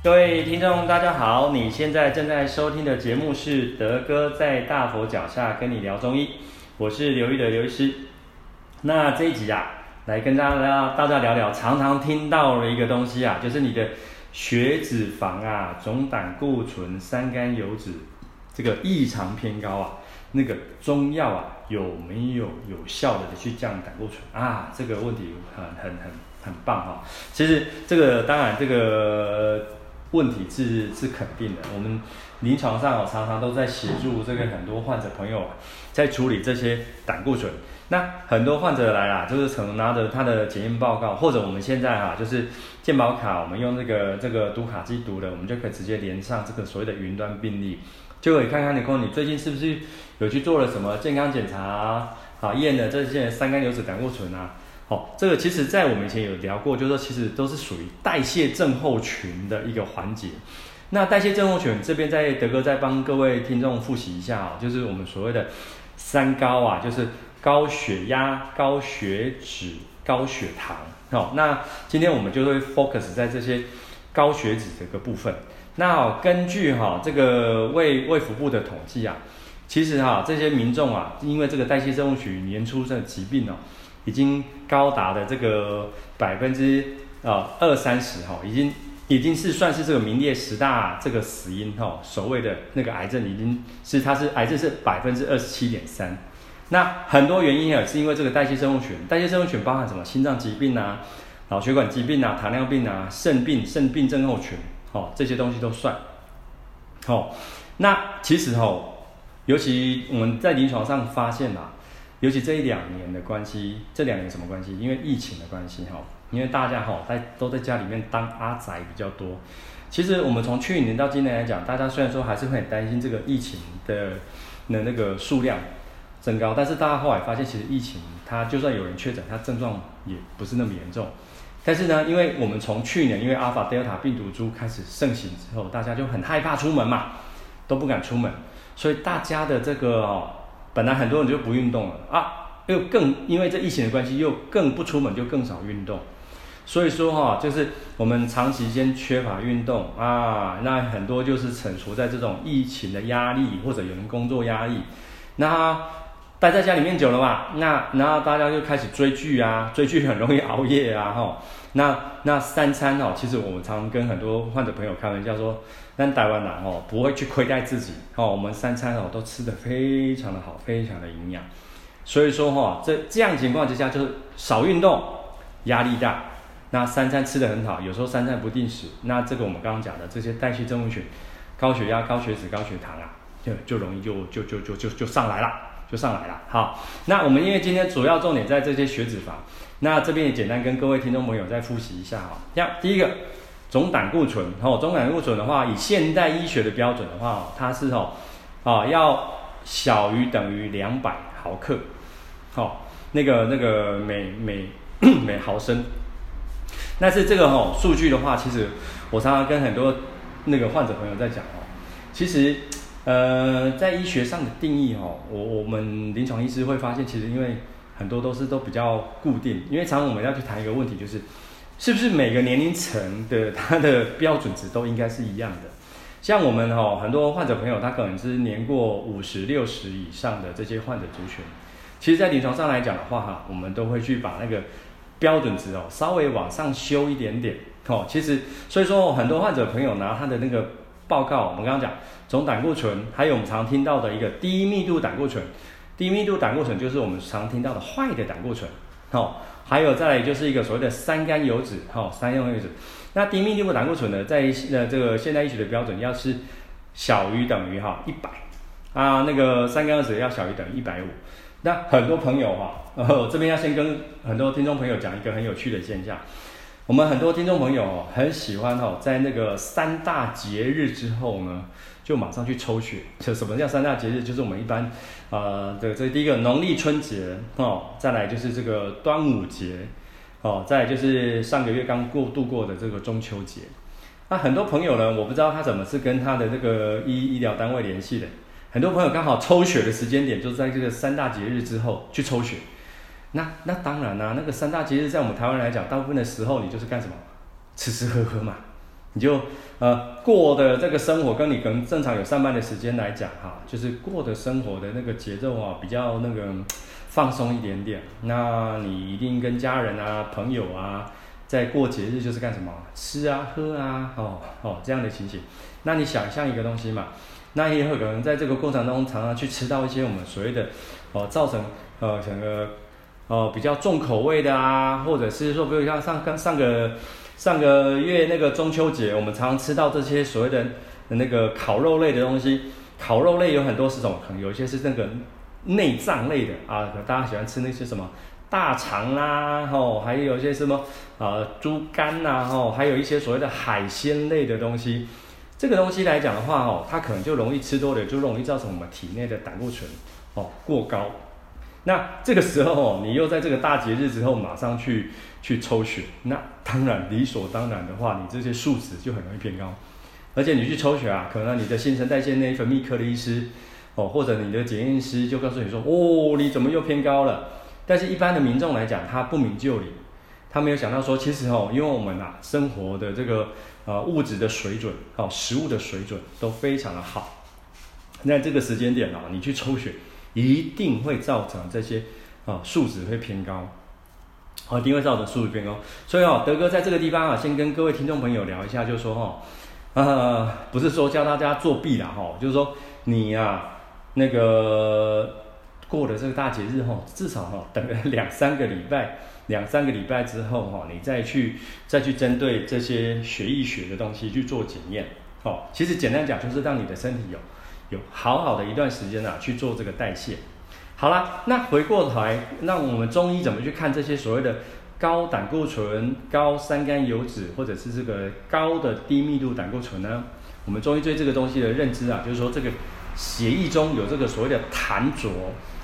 各位聽眾，大家好！你現在正在收聽的節目是德哥在大佛腳下跟你聊中醫，我是劉玉的劉醫師。那這一集啊，來跟大家大家聊聊常常聽到了一個東西啊，就是你的血脂肪啊、總膽固醇、三甘油酯這個異常偏高啊，那個中藥啊有沒有有效的去降膽固醇啊？這個問題很很很很棒哈、哦！其實這個當然這個。問題是是肯定的，我們臨床上、哦、常常都在協助這個很多患者朋友、啊、在處理這些膽固醇。那很多患者來啦，就是曾拿着他的檢驗報告，或者我們現在哈、啊、就是健保卡，我們用這個這個讀卡機讀的，我們就可以直接連上這個所謂的雲端病歷，就可以看看你看你最近是不是有去做了什麼健康檢查啊，驗的這些三甘油酯膽固醇啊。哦，這個其實，在我們以前有聊過，就是說，其實都是屬於代謝症候群的一個環節。那代謝症候群這邊，在德哥再幫各位聽眾複習一下啊，就是我們所謂的三高啊，就是高血壓、高血脂、高血糖。哦、那今天我們就會 focus 在這些高血脂這個部分。那、哦、根據哈、哦、這個衛衛福部的統計啊，其實哈、啊、這些民眾啊，因為這個代謝症候群年初的疾病哦、啊。已經高達的這個百分之呃二三十哈，已經已經是算是這個名列十大這個死因哈、哦，所謂的那個癌症，已經是它是癌症是百分之二十七點三，那很多原因是因為這個代謝症候群，代謝症候群包含什麼心臟疾病啊、腦血管疾病啊、糖尿病啊、腎病、腎病症候群，哦這些東西都算，哦、那其實哦，尤其我們在臨床上發現啊。尤其這一兩年的關係，這兩年什麼關係？因為疫情的關係哈，因為大家哈在都在家裡面當阿宅比較多。其實我們從去年到今年來講，大家雖然說還是會很擔心這個疫情的的那個數量增高，但是大家後來發現，其實疫情它就算有人確診，它症狀也不是那麼嚴重。但是呢，因為我們從去年因為阿爾法、德爾塔病毒株開始盛行之後，大家就很害怕出門嘛，都不敢出門，所以大家的這個、哦。本來很多人就不運動了啊，又更因為這疫情的關係，又更不出門就更少運動，所以說哈、哦，就是我們長時間缺乏運動啊，那很多就是沉浮在這種疫情的壓力或者有人工作壓力，那待在家裡面久了嘛。那然後大家就開始追劇啊，追劇很容易熬夜啊哈、哦，那那三餐哦，其實我常跟很多患者朋友開玩笑說。但台灣人哦，不會去虧待自己，我們三餐哦都吃得非常的好，非常的營養。所以說哈，這這樣情況之下就是少運動，壓力大，那三餐吃得很好，有時候三餐不定時，那這個我們剛剛講的這些代謝症候群，高血壓、高血脂、高血糖啊，就就容易就就就就就就上來了，就上來了。好，那我們因為今天主要重點在這些血脂肪，那這邊也簡單跟各位聽眾朋友再複習一下哈，第一個。總膽固醇，吼，總膽固醇的話，以現代醫學的標準的話，它是吼，啊，要小於等於兩百毫克，好，那個那個每每每毫升。但是這個吼數據的話，其實我常常跟很多那個患者朋友在講哦，其實呃，在醫學上的定義吼，我我們臨床醫師會發現，其實因為很多都是都比較固定，因為常常我們要去談一個問題就是。是不是每個年齡層的它的標準值都應該是一樣的？像我們哈很多患者朋友，他可能是年過五十、六十以上的這些患者族群，其實，在臨床上來講的話哈，我們都會去把那個標準值哦稍微往上修一點點哦。其實，所以說很多患者朋友拿他的那個報告，我們剛剛講總膽固醇，還有我們常聽到的一個低密度膽固醇。低密度膽固醇就是我們常聽到的壞的膽固醇哦。還有再來就是一個所謂的三甘油脂哈、哦，三用油脂。那低密度脂膽固醇呢，在呃這個現代醫學的標準，要是小於等於哈一百。啊，那個三甘油脂要小於等於一百五。那很多朋友哈，呃，我這邊要先跟很多聽眾朋友講一個很有趣的現象。我們很多聽眾朋友很喜歡哈，在那個三大節日之後呢，就馬上去抽血。什麼叫三大節日？就是我們一般，呃，對，這第一個農曆春節哦，再來就是這個端午節哦，再來就是上個月剛過度過的這個中秋節。那很多朋友呢，我不知道他怎麼是跟他的這個醫醫療單位聯繫的。很多朋友剛好抽血的時間點就在這個三大節日之後去抽血。那那當然啦，啊，那個三大節日在我們台灣來講，大部分的時候你就是幹什麼？吃吃喝喝嘛，你就呃過的這個生活跟你可能正常有上班的時間來講哈，就是過的生活的那個節奏啊比較那個放鬆一點點。那你一定跟家人啊，朋友啊在過節日就是幹什麼？吃啊，喝啊，哦哦這樣的情形。那你想象一個東西嘛，那也有可能在這個過程中常常去吃到一些我們所謂的哦造成呃整個。想哦，比較重口味的啊，或者是說，比如像上剛上個上個月那個中秋節，我們常常吃到這些所謂的那個烤肉類的東西。烤肉類有很多是種，可能有一些是那個內臟類的啊，可能大家喜歡吃那些什麼大腸啦、啊，吼、哦，還有一些什麼啊豬肝吶、啊，吼、哦，還有一些所謂的海鮮類的東西。這個東西來講的話，哦，它可能就容易吃多了，就容易造成我們體內的膽固醇哦過高。那這個時候，你又在這個大節日之後馬上去去抽血，那當然理所當然的話，你這些數值就很容易偏高。而且你去抽血啊，可能你的新陳代謝內分泌科的醫師，哦，或者你的檢驗師就告訴你說，哦，你怎麼又偏高了？但是一般的民眾來講，他不明就裡，他沒有想到說，其實哦，因為我們啊生活的這個啊、呃、物質的水準哦，食物的水準都非常的好。那這個時間點啊，你去抽血。一定會造成這些啊數值會偏高，哦，一定會造成數值偏高，所以哦，德哥在這個地方啊，先跟各位聽眾朋友聊一下，就說哈、哦、啊、呃，不是說教大家作弊啦，哈、哦，就是說你呀、啊、那個過了這個大節日哈、哦，至少哈、哦、等兩三個禮拜，兩三個禮拜之後哈、哦，你再去再去針對這些學醫學的東西去做檢驗，哦，其實簡單講就是讓你的身體有。有好好的一段時間吶、啊，去做這個代謝。好啦，那回過頭來，那我們中醫怎麼去看這些所謂的高膽固醇、高三甘油脂，或者是這個高的低密度膽固醇呢？我們中醫對這個東西的認知啊，就是說這個血液中有這個所謂的痰濁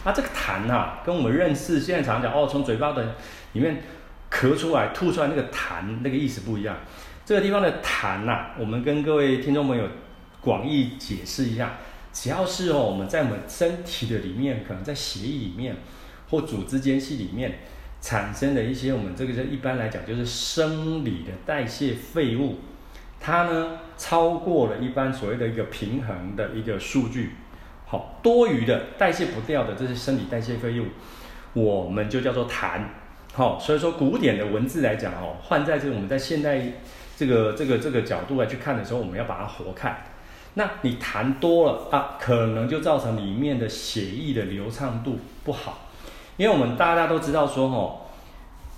啊，這個痰啊，跟我們認識現在常講哦，從嘴巴的裡面咳出來、吐出來那個痰，那個意思不一樣。這個地方的痰吶、啊，我們跟各位聽眾朋友廣義解釋一下。只要是哦，我們在我們身體的裡面，可能在血液裡面或組織間隙裡面產生的一些，我們這個叫一般來講就是生理的代謝廢物，它呢超過了一般所謂的一個平衡的一個數據，好，多餘的代謝不掉的這些生理代謝廢物，我們就叫做痰，好，所以說古典的文字來講哦，換在這個，我們在現代這個這個，這個，這個角度來去看的時候，我們要把它活看。那你痰多了啊，可能就造成裡面的血液的流暢度不好，因為我們大家都知道說齁，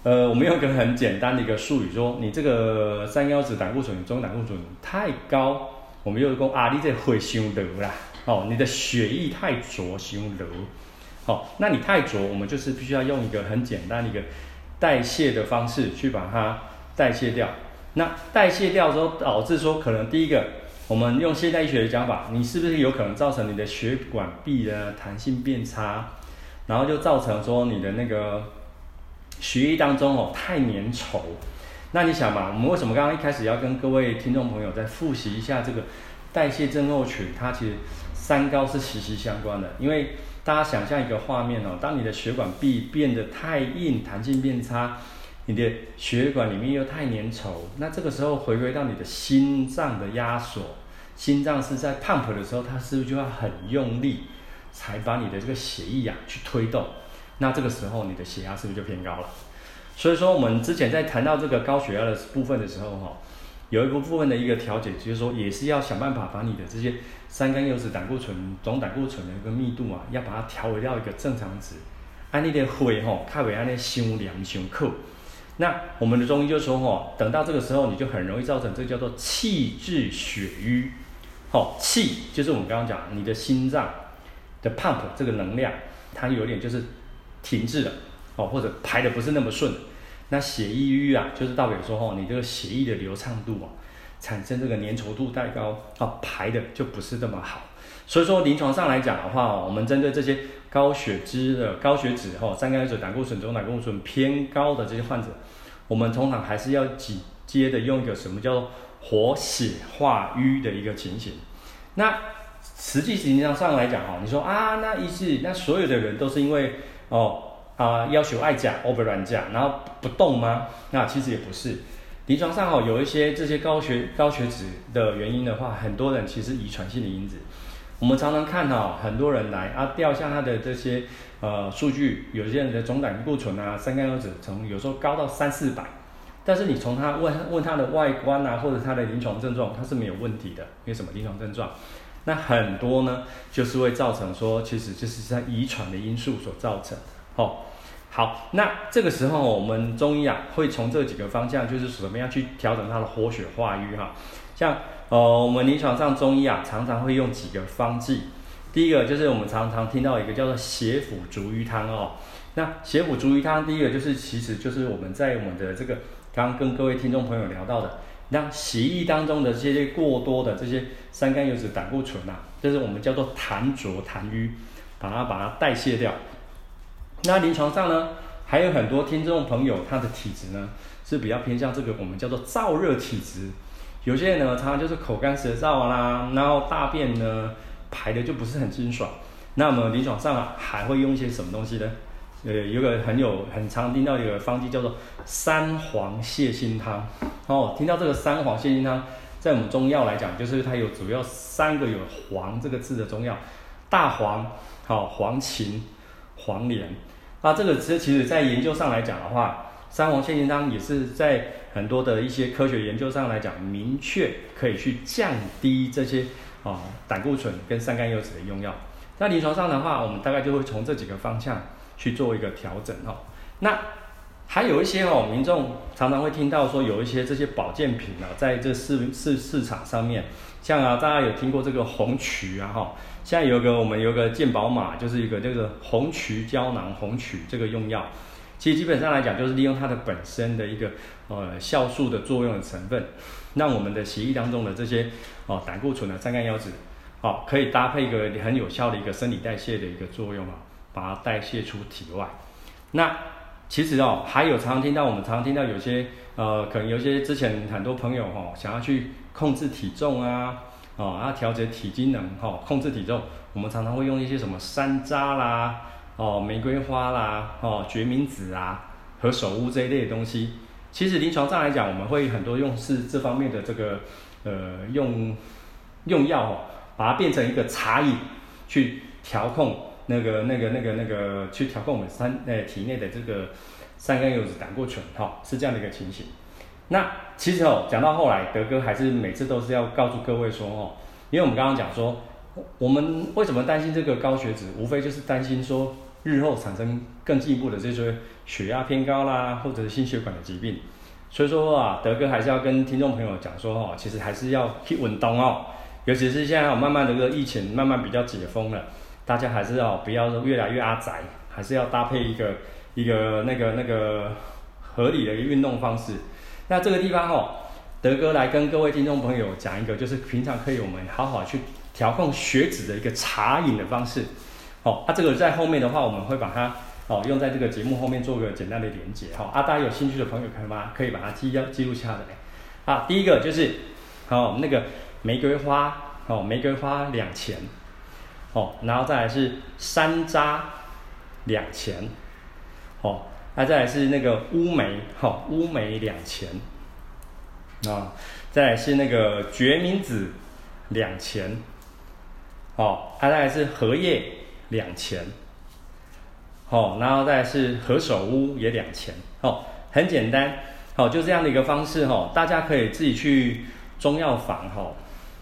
呃，我們用一個很簡單的一個術語說，你這個三腰脂膽固醇、中膽固醇太高，我們又說阿、啊、你這形流的啦，哦，你的血液太濁，血流，哦，那你太濁，我們就是必須要用一個很簡單的一個代謝的方式去把它代謝掉。那代謝掉之後，導致說可能第一個。我們用現代醫學的講法，你是不是有可能造成你的血管壁的彈性變差，然後就造成說你的那個血液當中哦太粘稠？那你想嘛，我們為什麼剛剛一開始要跟各位聽眾朋友再複習一下這個代謝症候群？它其實三高是息息相關的，因為大家想象一個畫面哦，當你的血管壁變得太硬，彈性變差，你的血管裡面又太粘稠，那這個時候回歸到你的心臟的壓縮，心臟是在 pump 的時候，它是不是就要很用力才把你的這個血液呀、啊、去推動？那這個時候你的血壓是不是就偏高了？所以說我們之前在談到這個高血壓的部分的時候，哈、哦，有一部分的一個調節，就是說也是要想辦法把你的這些三甘油脂、膽固醇、總膽固醇的一個密度啊，要把它調回到一個正常值，安、啊、你的灰、哦，哈，它會安呢先粘先厚。那我們的中醫就說哦，等到這個時候你就很容易造成這個叫做氣滯血瘀，哦，氣就是我們剛剛講你的心臟的 pump 這個能量，它有點就是停滯了，哦，或者排得不是那麼順。那血瘀瘀啊，就是代表說哦，你這個血液的流暢度啊，產生這個粘稠度太高啊，哦，排得就不是那麼好。所以說臨床上來講的話，我們針對這些。高血脂的高血脂哈，三高、一脂膽固醇中膽固醇偏高的這些患者，我們通常還是要緊接的用一個什麼叫活血化瘀的一個情形。那實際情形上來講哈，你說啊，那意思那所有的人都是因為哦啊、呃、要求愛假 over 假，然後不動嗎？那其實也不是，臨床上哈有一些這些高血高血脂的原因的話，很多人其實遺傳性的因子。我們常常看到、哦、很多人來啊，調一下他的這些呃數據，有些人的總膽固醇啊、三甘油酯從有時候高到三四百，但是你從他問問他的外觀啊，或者他的臨床症狀，他是沒有問題的。因為什麼臨床症狀？那很多呢，就是會造成說，其實就是在遺傳的因素所造成，哦。好，那這個時候我們中醫啊，會從這幾個方向，就是怎麼樣去調整它的活血化瘀哈。像呃，我們臨床上中醫啊，常常會用幾個方劑。第一個就是我們常常聽到一個叫做血府逐瘀湯哦。那血府逐瘀湯，第一個就是其實就是我們在我們的這個剛剛跟各位聽眾朋友聊到的，那血液當中的這些過多的這些三甘油脂膽固醇啊，就是我們叫做痰濁痰瘀，把它把它代謝掉。那臨床上呢，還有很多聽眾朋友，他的體質呢是比較偏向這個我們叫做燥熱體質。有些人呢，他就是口乾舌燥啦、啊，然後大便呢排得就不是很清爽。那麼臨床上還會用一些什麼東西呢？呃，有個很有很常聽到一個方劑叫做三黃瀉心湯。哦，聽到這個三黃瀉心湯，在我們中藥來講，就是它有主要三個有黃這個字的中藥：大黃、好、哦、黃芩。黃連，那這個其實其實在研究上來講的話，三黃瀉心湯也是在很多的一些科學研究上來講，明確可以去降低這些哦、膽固醇跟三甘油脂的用藥。那臨床上的話，我們大概就會從這幾個方向去做一個調整哦。那。還有一些哦，民眾常常會聽到說，有一些這些保健品啊，在這市市市場上面，像啊，大家有聽過這個紅曲啊哈，現、哦、在有個我們有個健寶馬，就是一個叫做紅曲膠囊，紅曲這個用藥，其實基本上來講，就是利用它的本身的一個呃酵素的作用的成分，讓我們的血液當中的這些哦、呃、膽固醇的三酸甘油酯，好、哦，可以搭配一個很有效的一個生理代謝的一個作用啊，把它代謝出體外，那。其實哦，還有常常聽到，我們常常聽到有些呃，可能有些之前很多朋友哈、哦，想要去控制體重啊，哦，要、啊、調節體機能哈、哦，控制體重，我們常常會用一些什麼山楂啦，哦，玫瑰花啦，哦，決明子啊，何首烏這一類的東西。其實臨床上來講，我們會很多用是這方面的這個呃用用藥哦，把它變成一個茶飲去調控。那個、那個、那個、那個，去調控我們三誒、呃、體內的這個三甘油脂過、膽固醇，哈，是這樣的一個情形。那其實哦，講到後來，德哥還是每次都是要告訴各位說哦，因為我們剛剛講說，我們為什麼擔心這個高血脂，無非就是擔心說日後產生更進一步的這些血壓偏高啦，或者是心血管的疾病。所以說啊，德哥還是要跟聽眾朋友講說哦，其實還是要 keep 穩當哦，尤其是現在哦，慢慢的這個疫情慢慢比較解封了。大家還是要，哦，不要越來越阿宅，還是要搭配一個一個那個那個合理的一個運動方式。那這個地方哦，德哥來跟各位聽眾朋友講一個，就是平常可以我們好好去調控血脂的一個茶飲的方式。哦，它，啊，這個在後面的話，我們會把它哦用在這個節目後面做個簡單的連結。好，哦，啊，大家有興趣的朋友可以嗎？可以把它記要記錄下來。啊，第一個就是哦那個玫瑰花哦玫瑰花兩錢。哦，然後再來是山楂兩錢，哦，再再來是那個烏梅哈烏梅兩錢，啊，再來是那個決明子兩錢，哦，再來那哦、啊、再來是荷葉兩錢，哦，然後再來是何首烏也兩錢，哦，很簡單，好、哦、就這樣的一個方式哈、哦，大家可以自己去中藥房哈、哦、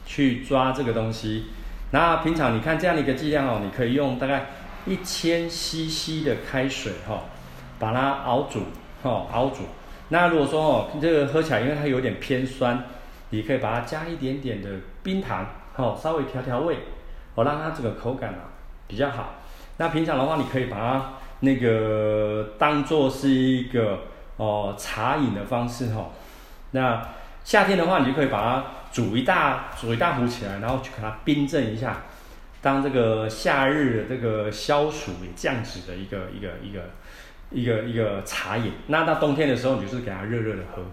去抓這個東西。那平常你看這樣的一個劑量哦，你可以用大概一千 CC 的開水哈、哦，把它熬煮。哈、哦、熬煮。那如果說哦這個喝起來因為它有點偏酸，你可以把它加一點點的冰糖，哈、哦、稍微調調味，哦，讓它這個口感啊比較好。那平常的話你可以把它那個當做是一個哦茶飲的方式哈、哦。那夏天的話你就可以把它。煮一大煮一大壺起來，然後去給它冰鎮一下，當這個夏日的這個消暑也降脂的一個一個一個一個一個，一個茶飲。那到冬天的時候，你就是給它熱熱的喝，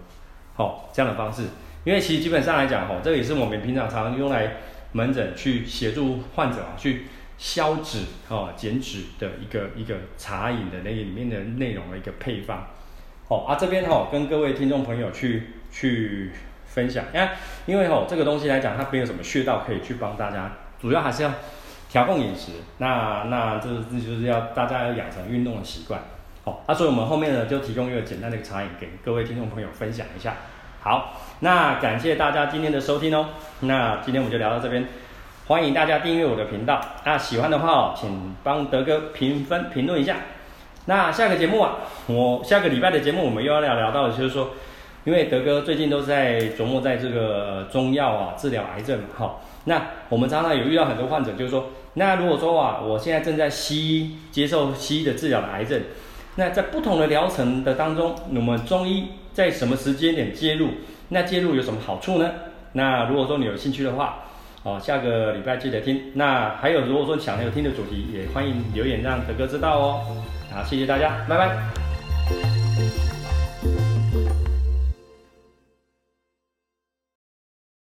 哦，這樣的方式。因為其實基本上來講，哦，這也是我們平常常用來門診去協助患者去消脂哦、減脂的一個一個茶飲的那裡面的內容的一個配方。哦啊，這邊哦，跟各位聽眾朋友去去。分享，因因為吼、哦、這個東西來講，它沒有什麼穴道可以去幫大家，主要還是要調控飲食。那那這這就是要大家要養成運動的習慣，好、哦，那、啊、所以我們後面呢，就提供一個簡單的茶飲給各位聽眾朋友分享一下。好，那感謝大家今天的收聽哦。那今天我們就聊到這邊，歡迎大家訂閱我的頻道。那喜歡的話、哦、請幫德哥評分評論一下。那下個節目啊，我下個禮拜的節目我們又要聊聊到的就是說。因為德哥最近都是在琢磨在這個中藥啊治療癌症嘛，好、哦，那我們常常有遇到很多患者，就是說，那如果說啊，我現在正在西醫接受西醫的治療的癌症，那在不同的療程的當中，我們中醫在什麼時間點介入？那介入有什麼好處呢？那如果說你有興趣的話，哦，下個禮拜記得聽。那還有，如果說想要聽的主題，也歡迎留言讓德哥知道哦。好，謝謝大家，拜拜。